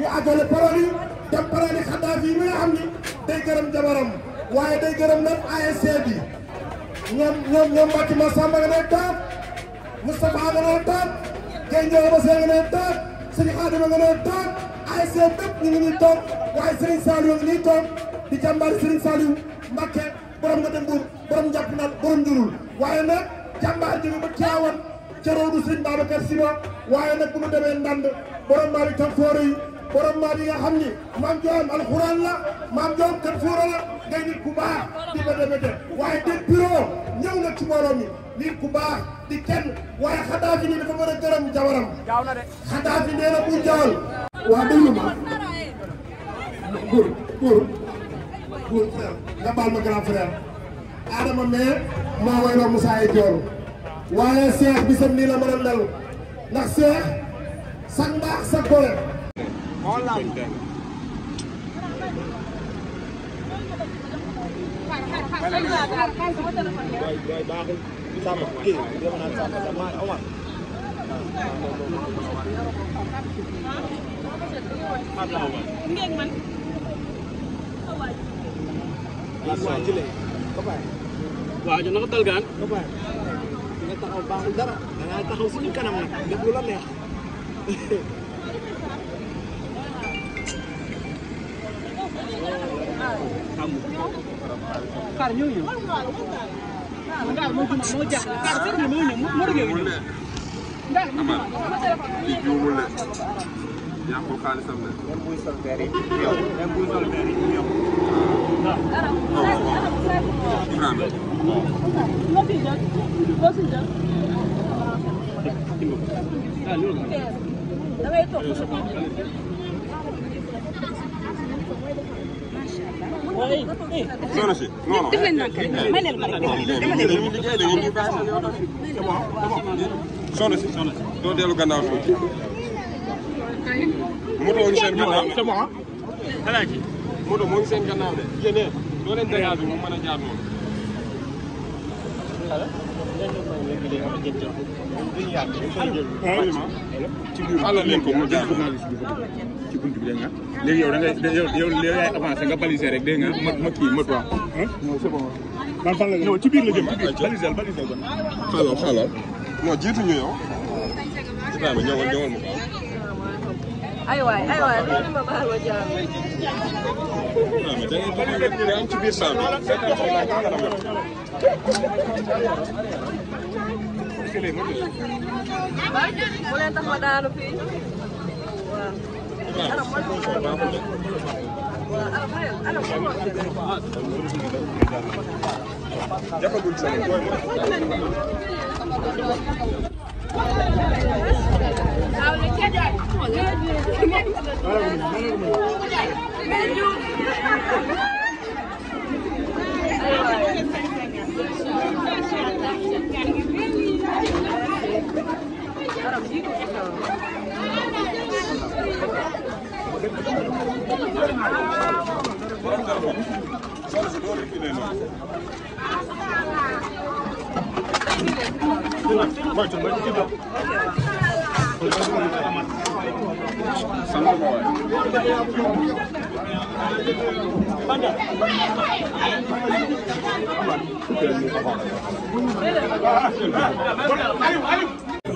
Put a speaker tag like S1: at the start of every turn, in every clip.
S1: ñu àggale parole yi dem parole yi Xaddaafi yi mi nga xam ni day gërëm jabaram waaye day gërëm nag ASC bi ñoom ñoom ñoom Mbacke Massamba nga ne taat Moustapha nga ne taat Guèye Ndiaye Basse nga ne taat Sëñ Xaadima nga ne taat ASC bépp ñu ngi ñuy toog waaye Serigne Saliou ngi di jàmbaari Serigne Saliou Mbacke nga dem buur borom njàpp nag borom waaye nag jàmbaar jóge ba Tiwaawan ca roodu Serigne Babacar Sy waaye nag bu mu demee ndànd borom mbaari tam borom maa bi nga xam ni maam Joon alxuraan la maam Joon kër fuura la ngay nit ku baax di ba demete waaye dégg ñëw na ci nit ku baax di kenn waaye Xadaafi ni dafa mën a gërëm jabaram Xadaafi nee na bu jawal waa déglu ma góor góor góor frère Adama mais maa wayloo Moussa Dior waaye Cheikh bisam nii la mën a mel ndax Cheikh sa mbaax sa waaw ñun naka dalgaan. nga taxaw baaxul dara da ngaa taxaw suñu kanam nag def lu la neex. xar ñoo ñëw ndaal moo juma moo jaaxle xar sëñ bi moo ñëw moo dëggee ñëw ndaal moo juma sama téléphone di juumul ne yaa ko xaalisam ne même buy sol verre yi yow même buy sol verre yi yow damay toog soxna si non non def leen nag may leen ma rek dama leen ñu liggéey da ngeen ñu bàyyi seen yoon soxna si doo dellu gannaaw tuuti
S2: moto moo ngi seen gannaaw de
S1: alaaji moto moo ngi seen gannaaw de yéen doo leen dégage bi mu mën a jaar noonu ci bunt bi dégg nga léegi yow da ngay yow yaay avancé nga balisé rek dégg nga ma ma kii ma toog. non c'est bon man fan la ñëw ci biir la jëm balisé balisé ko. xaaral xaaral non jiitu ñu yow. Ibrahima ñëwal ñëwal ma ko. aywa aywa ma baal ma jaar. waaw da ngay am ci biir saa bi. jëlee nga jël. bu leen tax ma daanu fii waaw. jafagul sa booy mooy. Ayup, ayup.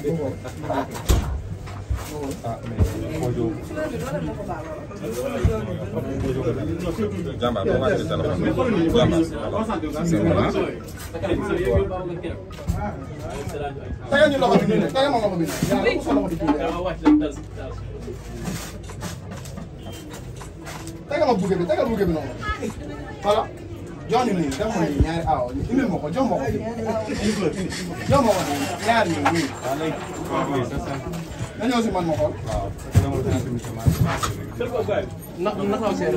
S1: Jàmbaar boo wàccee téléphone bi jàmbaar. Tege ñu loxo bi nii tege ma loxo bi nii. Tege ma buge bi tege buge bi noonu voilà. jox ñu nii jox ma nii ñaari aw indil ma ko jox ma ko jox ma ko nii ñaari ñoom nii. na ñëw si man ma xool. ndax ndax am seen.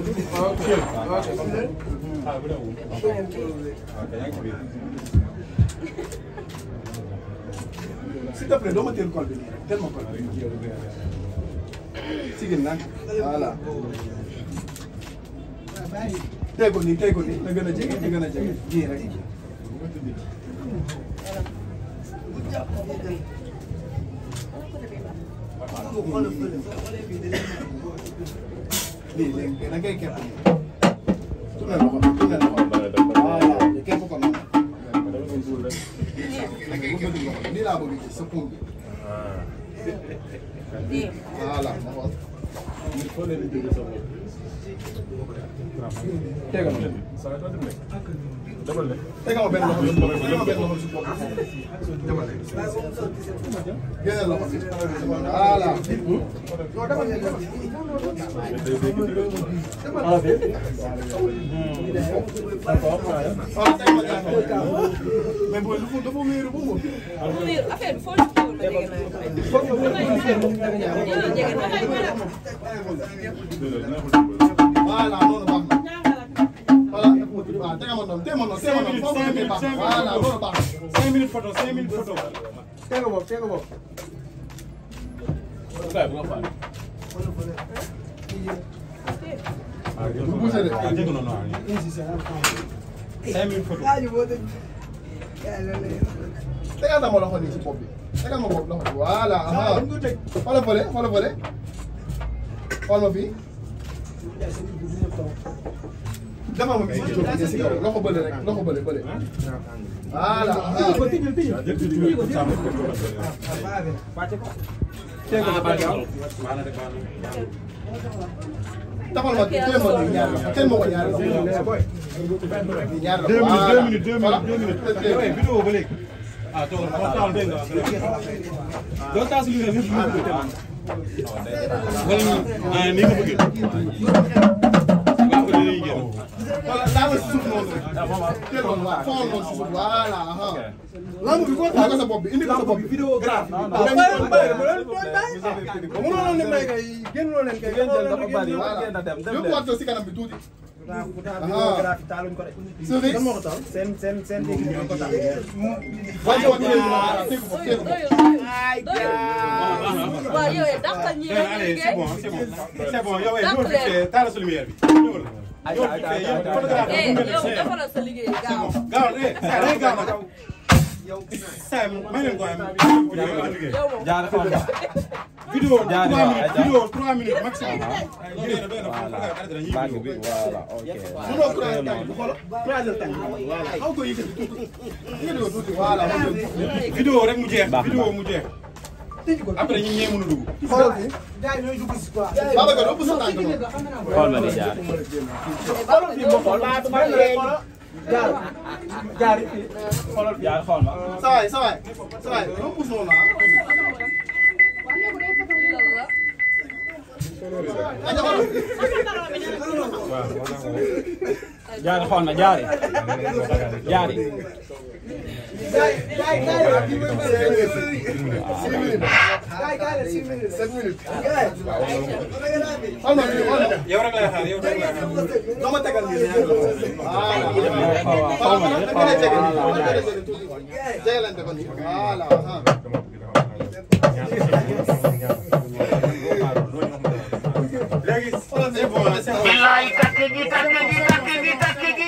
S1: s'il te plaît doo ma teel col bi nii rek teel ma col bi. sigil nag voilà. tey ko nii tey ko nii na gën a jege na gën a jege nii rek. lii léegi da ngay képp nii. tourné na ko tourné na ko. voilà képp ko noonu. nii laa bëgg sa poum bi. voilà. tey nga ma benn loxo suuf bopp tey nga ma benn loxo suuf bopp jëmale. génne loxo bi voilà. non dama ne dama. mais booy dafa dafa wéeru ba mu. wéeru affaire bi foo leen teewul ma jege naa. damay jege naa damay jege naa. voilà loolu baax na. voilà def ma tudd waaw dama doon téeméer noonu. cinq minutes cinq minutes voilà loolu baax na. cinq minutes photo cinq minutes photo. tegu bopp tegu bopp. tegal na ma loxo nii ci bopp bi tegal ma bopp loxo bi voilà. xoolal fële xoolal fële xool ma fii. dama ma gis ci kaw loxo bële rek loxo bële bële. voilà. taxawal
S2: ma teel ma ko ñaar la teel ma ko ñaar la. ñaar la
S1: voilà deux minutes deux minutes deux minutes. vidéo ba léegi. ah taxawal ma taxawal dégg nga. doo taas li nga wala ah nii nga bëggee. voilà daa ma si suuf noonu rek. foo noonu si suuf voilà. lamb bi ko taal ko sa bopp bi indi ko sa bopp bi vidéo grave. mënoon ne may kay génnoon leen kay. dafa bari war ngeen a dem dem leen yóbbuwaat si kanam bi tuuti. ah bibliographie taaluñ ko de. Serigne lan moo ko taal seen seen seen dégg ñoo ko taal. ay gars. waaw yow dàqal ñi rek ñu liggéey. c'est bon yow ñëwal fi fee taal sa lumière bi ñëwal. ayca ayca ayca yow defalal sa liggéey gaaw. gaaw eh saa gaaw na yow. saa yi ma leen ko am. yow moom vidéo trois minutes vidéo trois minutes maximum. Ah. voilà ok. vidéo rek mu jeex vidéo mu jeex. après ñun ñee mën a dugg. xoolal bi gars yi ñooy dugg si quoi. Babacar doo ko soxlaa dama. xool ma ne jaar. xoolal bi ma xool. jaar jaar xoolal bi jaar xool ma. saa waay saa waay saa waay doo ko soxlaa. jaari xool na jaari jaari yow rek lay xaar yow rek lay xaar billaay takk gi takk gi takk gi takk gi